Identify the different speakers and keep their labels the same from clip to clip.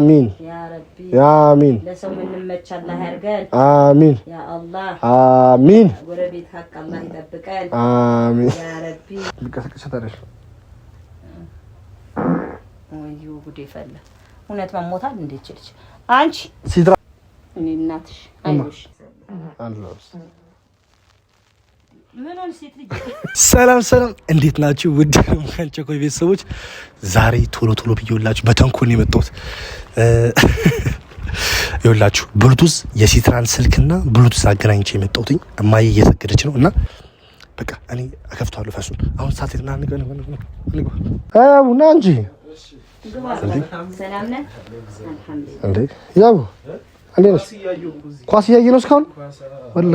Speaker 1: አሚን አሚን ለሰው የምንመች አላህ ያድርገን። አሚን ያ አሚን። ጎረቤት ሀቅ አላህ አሚን እውነት መሞታል እንዴ ይችልች አንቺ ሲድራ እኔ እናትሽ አይሽ
Speaker 2: ሰላም ሰላም፣ እንዴት ናችሁ? ውድ ቸኮይ ቤተሰቦች፣ ዛሬ ቶሎ ቶሎ ብዬላችሁ በተንኮል የመጣሁት ይውላችሁ፣ ብሉቱዝ የሲትራን ስልክና ብሉቱዝ አገናኝቼ የመጣሁት እማዬ እየሰገደች ነው እና በቃ እኔ አከፍተዋለሁ ፈሱን። አሁን ሰዓት የትና ቡና እንጂ ኳስ እያየ ነው እስካሁን ወላ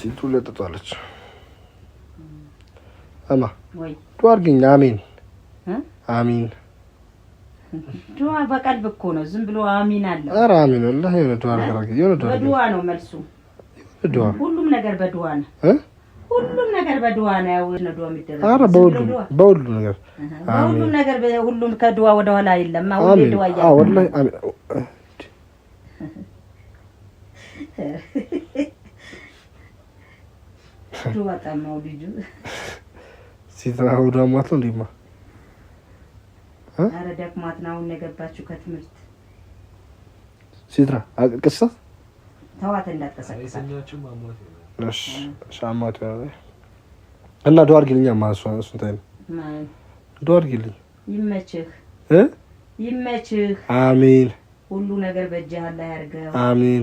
Speaker 2: ሲል ትውለጥጣለች። እማ ዱአ አድርጊኝ። አሜን አሚን።
Speaker 1: ዱአ በቀልብ እኮ ነው፣ ዝም ብሎ አሚን አለ።
Speaker 2: ኧረ አሚን አለ። የሆነ ዱአ አድርጊ፣
Speaker 1: የሆነ ዱአ አድርጊ። ነው መልሱ። ዱአ ሁሉም ነገር በዱአ ነው። ሁሉም ነገር በዱአ ነው። ያው ነው ዱአ የሚደረግ።
Speaker 2: ኧረ በሁሉም በሁሉም ነገር
Speaker 1: በሁሉም ነገር ሁሉም ከዱአ ወደ ኋላ የለም። አሁን ዱአ ያለ አዎ፣
Speaker 2: ወላሂ አሚን በጣም ዳማት ነው እንዴማ?
Speaker 1: አረ ደክማት ነው አሁን የገባችው ከትምህርት
Speaker 2: ሲትራ አቅቅሳት
Speaker 1: ተዋት
Speaker 3: እንዳትቀሳቀሳት
Speaker 2: እሺ እና ዱአ አድርጊልኝ ማሱ እሱ ታይ አድርጊልኝ ይመችህ እ
Speaker 1: ይመችህ አሚን ሁሉ ነገር በእጅህ አላህ ያርገው
Speaker 2: አሚን።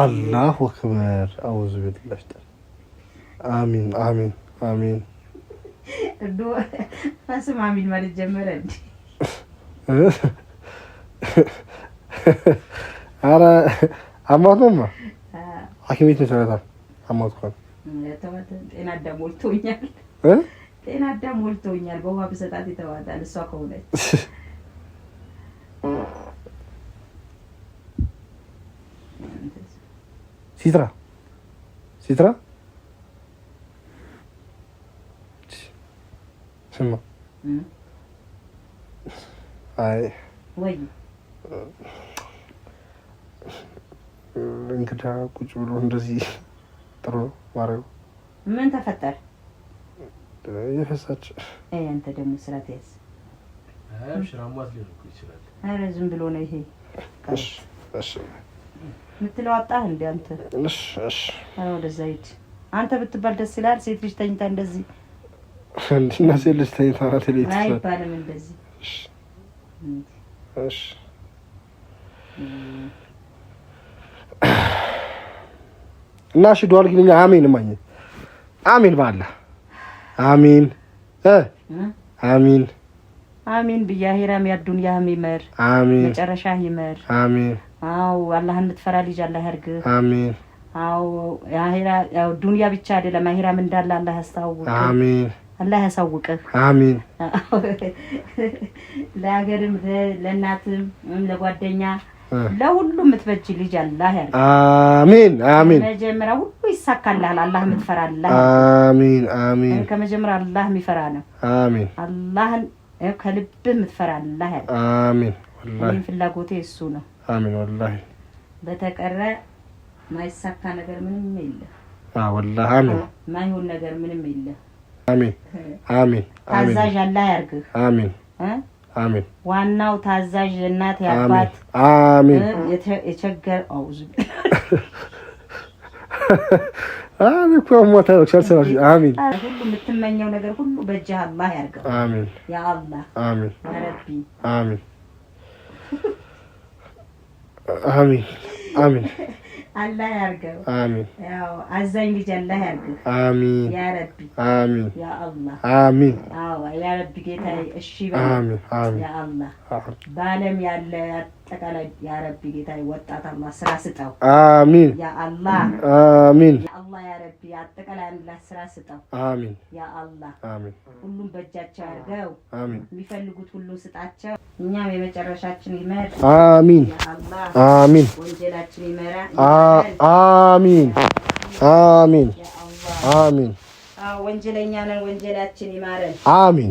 Speaker 2: አላሁ አክበር አውዝ ቢላሽ አሚን አሚን አሚን
Speaker 1: እዶ ራስም አሚን ማለት ጀመረ እንዴ?
Speaker 2: አረ አማቱማ ሐኪም ቤት መሰረታል አማቱ ኳል
Speaker 1: ጤና አዳም ሞልቶኛል። ጤና አዳም ሞልቶኛል። በውሃ ብሰጣት የተዋጣል እሷ ከሆነች
Speaker 2: ሲትራ ሲትራ ስማ፣ አይ እንግዳ ቁጭ ብሎ እንደዚህ ጥሩ ነው ምን ተፈጠር? የፈሳች
Speaker 1: አንተ ደግሞ ስራ ተያዝ። ኧረ ዝም ብሎ ነው ይሄ። ምትለው አጣህ እንደ አንተ። እሺ እሺ፣ አረ ወደዛ ሂድ አንተ ብትባል ደስ ይላል። ሴት ልጅ ተኝታ እንደዚህ
Speaker 2: እንዲና ሴት ልጅ ተኝታ
Speaker 1: አትሌት አይባልም እንደዚህ።
Speaker 2: እሺ እሺ እና እሺ ዱአ አድርጊልኝ። አሜን ማኝ አሜን
Speaker 1: አሚን ብያ ሄራም ያዱን ይመር አሚን መጨረሻ ይመር አሚን። አው አላህን የምትፈራ ልጅ አላህ ያርግህ አሚን። አው ያሄራ ያው ዱንያ ብቻ አይደለም አሄራም እንዳለ አላህ ያስታውቅህ አሚን። አላህ ያሳውቅህ
Speaker 2: አሚን።
Speaker 1: ለሀገርም ለእናትም ለጓደኛ ለሁሉ የምትበጅ ልጅ አላህ ያርግ
Speaker 2: አሚን አሚን።
Speaker 1: መጀመሪያ ሁሉ ይሳካልሃል። አላህ የምትፈራ አላህ
Speaker 2: አሚን አሚን።
Speaker 1: ከመጀመሪያ አላህ የሚፈራ ነው አሚን። አላህን ከልብ የምትፈራ አላህ
Speaker 2: ያለ አሚን።
Speaker 1: ወላሂ ፍላጎቴ እሱ ነው።
Speaker 2: አሚን ወላሂ።
Speaker 1: በተቀረ ማይሳካ ነገር ምንም የለም።
Speaker 2: ወላሂ አሚን።
Speaker 1: ማይሆን ነገር ምንም የለም።
Speaker 2: አሚን አሚን።
Speaker 1: ታዛዥ አላህ ያርግህ።
Speaker 2: አሚን አሚን።
Speaker 1: ዋናው ታዛዥ እናት
Speaker 2: ያባት። አሚን
Speaker 1: የቸገር አውዝ
Speaker 2: አሚን። ሁሉ
Speaker 1: የምትመኘው ነገር ሁሉ በእጅህ አላህ ያድርገው። አሚን ያ አላህ አሚን ረቢ
Speaker 2: አሚን አሚን አሚን
Speaker 1: አላህ ያድርገው። አሚን ያው አዛኝ ልጅ አላህ ያድርገው። አሚን ያ ረቢ አሚን ያ አላህ አሚን አዎ ያ ረቢ ጌታዬ እሺ በል
Speaker 2: አሚን አሚን
Speaker 1: ያ አላህ በዓለም ያለ አጠቃላይ ያረቢ ጌታ ወጣታማ ስራ ስጠው። አሚን ያአላህ
Speaker 2: አሚን
Speaker 1: ያአላህ ያረቢ አጠቃላይ አምላክ ስራ ስጠው። አሚን ያአላህ አሚን ሁሉም በእጃቸው ያድርገው። አሚን የሚፈልጉት ሁሉ ስጣቸው። እኛም የመጨረሻችን ይመር።
Speaker 2: አሚን አሚን
Speaker 1: ወንጀላችን ይመራ።
Speaker 2: አሚን አሚን አሚን
Speaker 1: ወንጀለኛ ነን፣ ወንጀላችን ይማረን። አሚን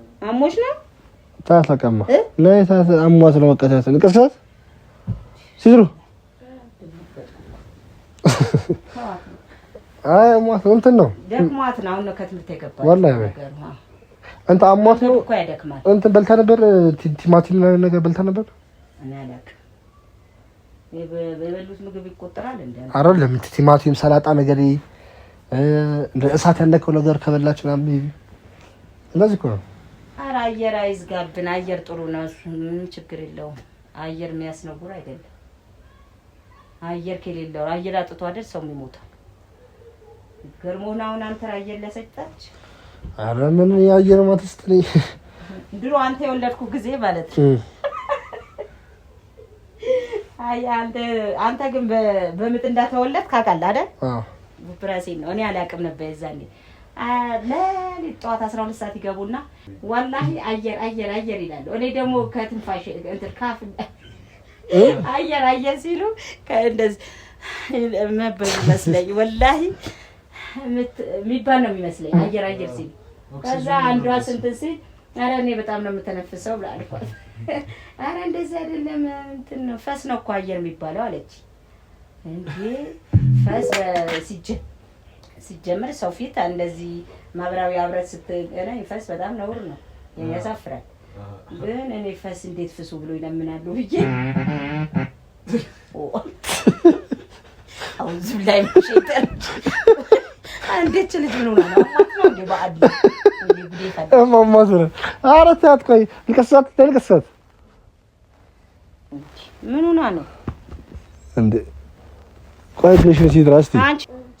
Speaker 1: አሞሽ ነው
Speaker 2: ታት ላይ ታት አሟት ነው መቀታት ንቀሳት ሲዝሩ አይ አሟት ነው እንትን ነው
Speaker 1: ደክሟት ነው አሁን ከትምህርት የገባች
Speaker 2: ወላሂ እንትን አሟት ነው እንትን በልታ ነበር ቲማቲም ነገር በልታ ነበር
Speaker 1: የበሉት
Speaker 2: ቲማቲም ሰላጣ ነገር እሳት ያለከው ነገር ከበላችሁ ምናምን እንደዚህ እኮ ነው
Speaker 1: ኧረ አየር አይዝጋብን። አየር ጥሩ ነው። ምንም ችግር የለውም። አየር የሚያስነውር አይደለም። አየር ከሌለው አየር አጥቶ አይደል ሰው የሚሞተው። ገርሞና አሁን አንተ አየር ለሰጣች።
Speaker 2: አረ ምን የአየር ማተስጥሪ
Speaker 1: ድሮ አንተ የወለድኩ ጊዜ ማለት ነው። አይ አንተ አንተ ግን በምጥ እንዳተወለድ አውቃለህ አይደል? አዎ ብራሴ ነው። እኔ አላውቅም ነበር የዛኔ ለሊት ጠዋት አስራ ሁለት ሰዓት ይገቡና ወላሂ አየር አየር አየር ይላሉ። እኔ ደግሞ ከትንፋሽ እንትን ካፍ አየር አየር ሲሉ እንደዚህ መበሉ ይመስለኝ ወላሂ የሚባል ነው የሚመስለኝ አየር አየር ሲሉ ከዛ አንዷ ስንት ሲል አረ እኔ በጣም ነው የምተነፍሰው ብላ አልኳት። አረ እንደዚህ አይደለም እንትን ነው ፈስ ነው እኮ አየር የሚባለው አለች። እንዴ ፈስ ሲጀ ሲጀምር ሰው ፊት እንደዚህ ማህበራዊ አብረት ስትገና ይፈስ በጣም ነውር ነው ያሳፍራል። ግን እኔ ፈስ እንዴት ፍሱ ብሎ ይለምናሉ ብዬ አውዙ ላይ ሸይጣን አንዴች ልጅ ምን ሆነ ነው ባአድ ምን ሆና ነው
Speaker 2: ቆይ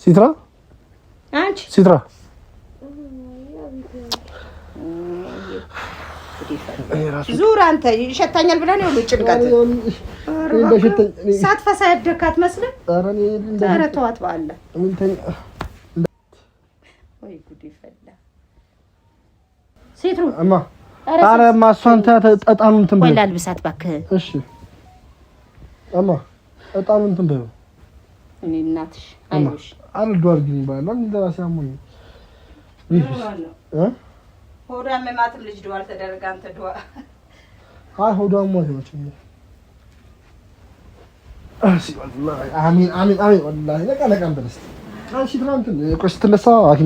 Speaker 2: ሲትራ ሲትራ
Speaker 1: ዙር አንተ ይሸታኛል ብለህ ነው ጭንቀት ሳትፈሳ ኧረ ተዋት በአለ ወይ ጉድ ይፈላ ሲትሩ
Speaker 2: እማ አረ እማ እሷን እንትን
Speaker 1: በይው ወይ ላልብሳት እባክህ
Speaker 2: እሺ እማ እጣኑ እንትን በይው
Speaker 1: እኔ እናትሽ አይዞሽ
Speaker 2: አንዱ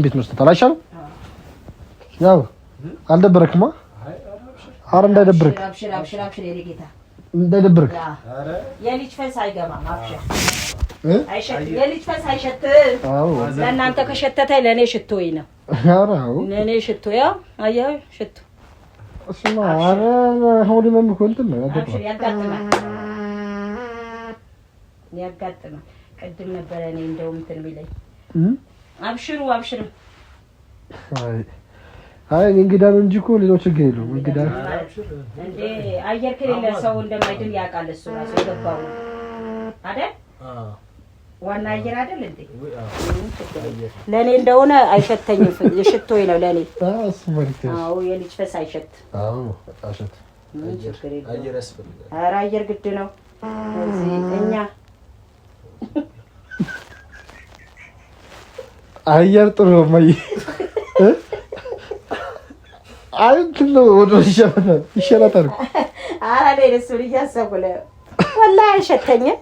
Speaker 2: ቤት ወስደታል አይሻልም ያው እንዳይደብርክ
Speaker 1: የልጅ ፈስ አይገባም የልጅ ፈስ አይሸትም። ለእናንተ ከሸተተ ለእኔ ሽቶዬ ነው። ለእኔ ሽቶ ያው አየኸው ሽቶ ያጋጥማል። ቅድም ነበረ እኔ እንደውም እንትን የሚለኝ አብሽሩ አብሽሩ።
Speaker 2: አይ እንግዳ ነው እንጂ እኮ ሌላው ችግር የለውም። እንግዳ
Speaker 1: አየር ከሌለ ሰው እንደማይድን ያውቃል እሱ ራሱ የገባው አይደል? ዋና አየር አይደል እንዴ? ለእኔ እንደሆነ አይሸተኝም፣ ሽቶዬ ነው ለእኔ። አዎ የልጅ ፈስ አይሸት። ኧረ አየር ግድ ነው እኛ
Speaker 2: አየር ጥሩ ማይ ነው ወደ ይሸላታል ይሸላታል።
Speaker 1: እያሰብኩ ነው ወላሂ አይሸተኝም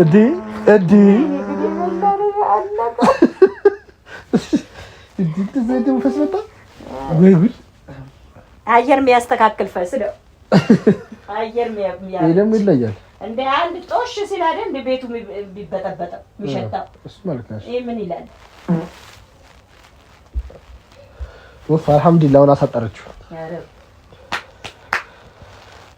Speaker 2: እንዴ እንዴ
Speaker 1: አየር የሚያስተካክል ፈስ ነው። አየር ደግሞ ይለያል። እንደ አንድ ጦሽ ሲል እንደ ቤቱ ቢበጠበጠው የሚሸጣው እሱ ምን ይላል?
Speaker 2: ወፍ አልሐምዱሊላህ አሁን አሳጠረችው።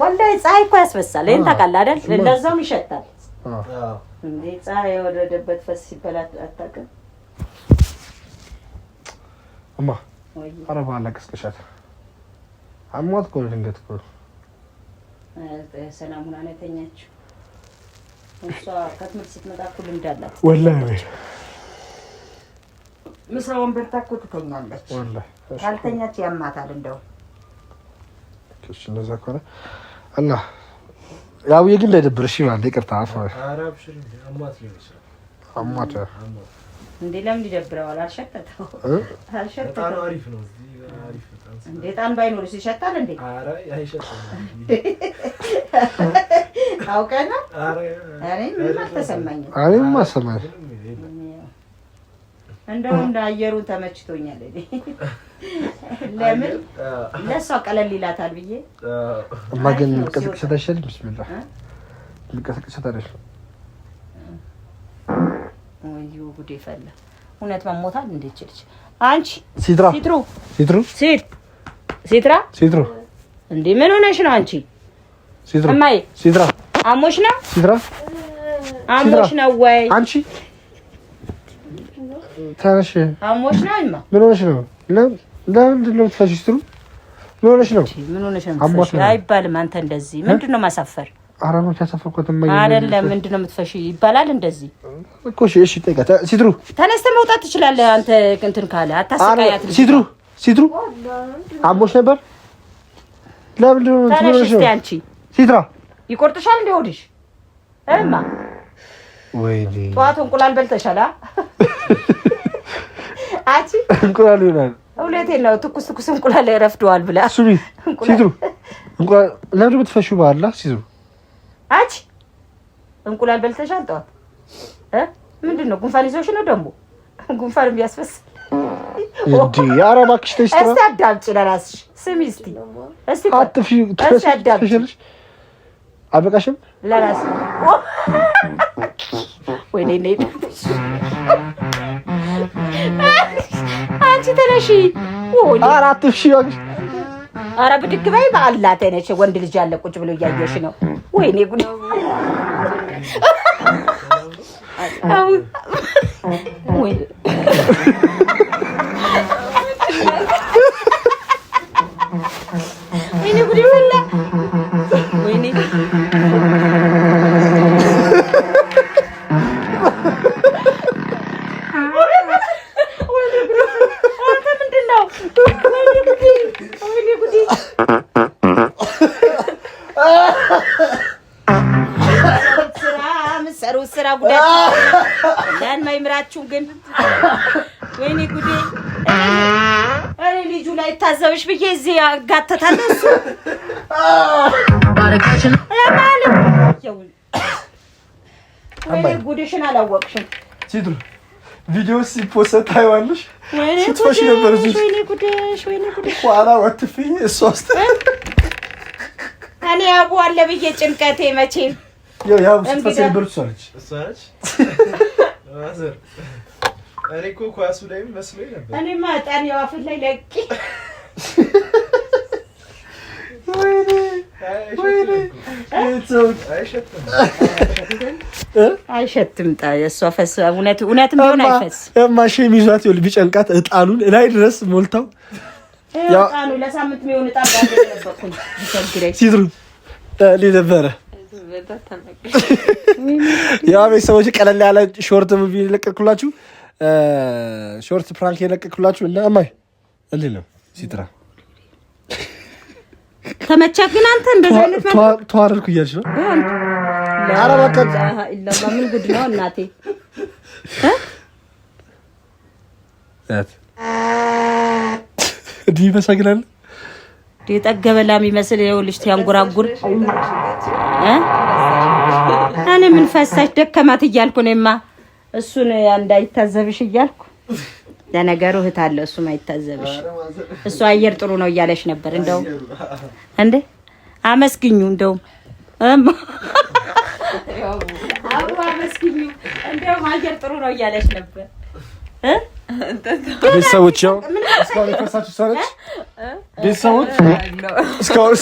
Speaker 1: ወላሂ ፀሐይ እኮ ያስበሳል። ይሄን ታውቃለህ አይደል? እንደዛውም ይሸታል። እንዴ ፀሐይ የወረደበት ፈስ ሲበላ አታውቅም?
Speaker 2: እማ ኧረ በኋላ ቀስቅሻት አሟት እኮ ድንገት እኮ ነው።
Speaker 1: ሰላም እሷ ከትምህርት ስትመጣ እኮ ልምድ አላት። ወላሂ ምሳ ወንበር ታኮ ትተኛለች። ካልተኛች ያማታል እንደውም
Speaker 2: እንደዛ ከሆነ እና ያው የግል እንዳይደብር እሺ። ማለት ይቅርታ አሟት
Speaker 1: እንዴ፣ ለምን ይደብረዋል? አልሸተተው አልሸተተው አሪፍ ነው እንዴ። ጣን ባይኖርሽ ይሸታል እንዴ?
Speaker 3: ኧረ አይሸታም።
Speaker 1: አውቀህ ነው? ኧረ ምንም አልተሰማኝም።
Speaker 2: አይ ምንም አልተሰማኝም።
Speaker 1: እንደው እንደ ተመችቶኛል። እኔ ለምን ለእሷ ቀለል ይላታል ብዬ
Speaker 2: እማ ግን ልቀሰቅሰት ተሸል ብስሚላ ልቀሰቅሰት አይደለም
Speaker 1: ወይ ጉዴ ፈላ። እውነት መሞታል። እንዴት ችልች አንቺ
Speaker 2: ሲትራ ሲትሩ ሲትሩ ሲት ሲትራ ሲትሩ
Speaker 1: እንዴ ምን ሆነሽ ነው አንቺ?
Speaker 2: ሲትራ እማዬ ሲትራ አሞሽ ነው ሲትራ
Speaker 1: አሞሽ ነው ወይ
Speaker 2: አንቺ ተነሽ።
Speaker 1: አሞሽ ነው? እማ
Speaker 2: ምን ሆነሽ ነው? ለምንድን ነው የምትፈሺው? ስትሉ ምን ሆነሽ ነው?
Speaker 1: አይባልም። አንተ እንደዚህ ምንድን ነው ማሳፈር?
Speaker 2: ኧረ ነው ያሳፈርኩት
Speaker 1: አይደለም። ምንድን ነው የምትፈሺው ይባላል እንደዚህ
Speaker 2: እኮ። እሺ ሲትሩ
Speaker 1: ተነስተህ መውጣት ትችላለህ። አንተ እንትን ካለ አታስቀያት።
Speaker 2: ሲትሩ ሲትሩ አሞሽ ነበር? ለምንድን ነው
Speaker 1: ተነሽ። አንቺ ሲትራ ይቆርጥሻል እንደ ሆድሽ እማ። ወይ ጠዋት እንቁላል በልተሻል? አቺ
Speaker 2: እንቁላል ይሆናል።
Speaker 1: እውነቴን ነው። ትኩስ ትኩስ እንቁላል ረፍደዋል ብላ
Speaker 2: እሱ ቤት እንቁላል ለምንድን የምትፈሺው? በኋላ ሲዝሩ
Speaker 1: አቺ እንቁላል በልተሻል ጠዋት እ ምንድን ነው ጉንፋን ይዞሽ ነው ደግሞ ጉንፋንም ያስፈስል
Speaker 2: እንዴ? ኧረ እባክሽ ተይ
Speaker 1: ስትራ አዳምጪ፣ ለራስሽ ስሚ እስቲ እስቲ አትፍሺ ትፈሻለሽ። አበቃሽም ለራስሽ ወይኔ ነይ ተነሺ።
Speaker 2: አራት ሺዎች
Speaker 1: አረ ብድግ በይ በአላህ ተነሽ። ወንድ ልጅ ያለ ቁጭ ብሎ እያየሽ ነው። ወይኔ ጉድ! ወይ መንገድ ለማ ግን ወይኔ ጉዴ! እኔ ልጁ ላይ ታዘብሽ ብዬ እዚህ አጋተታለሁ። እሱ ወይኔ ጉድሽን አላወቅሽም።
Speaker 2: ቪዲዮ ሲፖሰት ታይዋለሽ።
Speaker 1: ስትፈሽ ነበር እዚህ ወይኔ ጉድሽ፣ ወይኔ ጉድሽ
Speaker 2: ኋላ እሷ ውስጥ
Speaker 1: እኔ አቡ አለ ብዬ ጭንቀቴ መቼም
Speaker 2: እኔ
Speaker 3: እኮ ኳሱ ላይ መስሎኝ ነበር።
Speaker 1: እኔማ ዕጣን ያው ላይ ለቂ አይሸትም። ጣ የእሷ ፈስ እውነትም ቢሆን አይፈስ
Speaker 2: ማሽ የሚዟት ይኸውልህ ቢጨንቃት ዕጣኑን ላይ ድረስ ሞልታው
Speaker 1: ዕጣኑ ለሳምንት የሚሆን
Speaker 2: ሲድሩ ያ ቤተሰቦች ቀለል ያለ ሾርት ሙቪ የለቀቅኩላችሁ፣ ሾርት ፕራንክ የለቀቅኩላችሁ እና አማይ እልህ ነው ሲጥራ
Speaker 1: ተመቻ። ግን አንተ እንደዛ
Speaker 2: አይነት ተዋረድኩ እያልሽ ነው። ኧረ በቃ
Speaker 1: ምን ጉድ ነው እናቴ
Speaker 2: እንዲህ ይመሰግናል።
Speaker 1: የጠገበ ላም ይመስል ይኸውልሽ ያንጎራጉር እ እኔ ምን ፈሳሽ ደከማት እያልኩ እኔማ እሱን እንዳይታዘብሽ እያልኩ ለነገሩ እህት አለ እሱም አይታዘብሽ እሱ አየር ጥሩ ነው እያለሽ ነበር። እንደው እንዴ አመስግኙ፣ እንደውም አመስግኙ፣ እንደውም አየር ጥሩ ነው እያለሽ ነበር።
Speaker 2: ቤተሰቦች ያው እስካሁን የፈሳችሁ ቤተሰቦች እስካሁን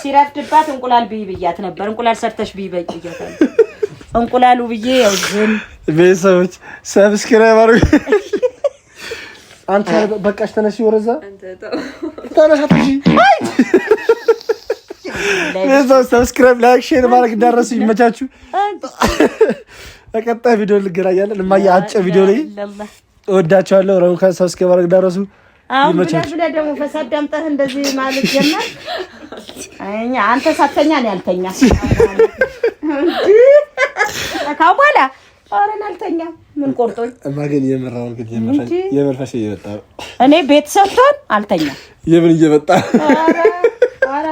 Speaker 1: ሲረፍድባት እንቁላል ብይ ብያት ነበር። እንቁላል ሰርተሽ ብይ በይ እንቁላሉ ብዬ ያው ዝም
Speaker 2: ቤተሰቦች ሰብስክራይብ አድርጉ። አንተ በቃሽ፣ ተነሽ፣ ወረዛ ተነሽ። አትጂ ለዛ ሰብስክራይብ፣ ላይክ፣ ሼር ማድረግ እንዳረሱ ይመቻችሁ። በቀጣይ ቪዲዮ እንገናኛለን። እማዬ አጭር ቪዲዮ ላይ እወዳቸዋለሁ። ረቡዕ ከሰብስክራይብ ማድረግ እንዳረሱ
Speaker 1: አሁን ብለህ ብለህ ደግሞ ፈሳድ ዳምጠህ እንደዚህ ማለት ጀመር። አንተ ሳተኛ ነው ያልተኛ ካው በኋላ አረን አልተኛም። ምን ቆርጦኝ
Speaker 2: እማ ግን እየመጣ እኔ ቤት የምን እየመጣ
Speaker 1: አረ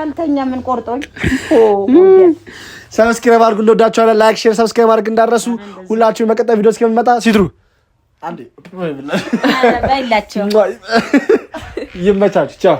Speaker 1: ምን ቆርጦኝ
Speaker 2: ሰብስክራይብ አድርጉ። እንደወዳችኋለን። ላይክ፣ ሼር፣ ሰብስክራይብ አድርግ እንዳረሱ ቪዲዮ ይመቻችሁ። ቻው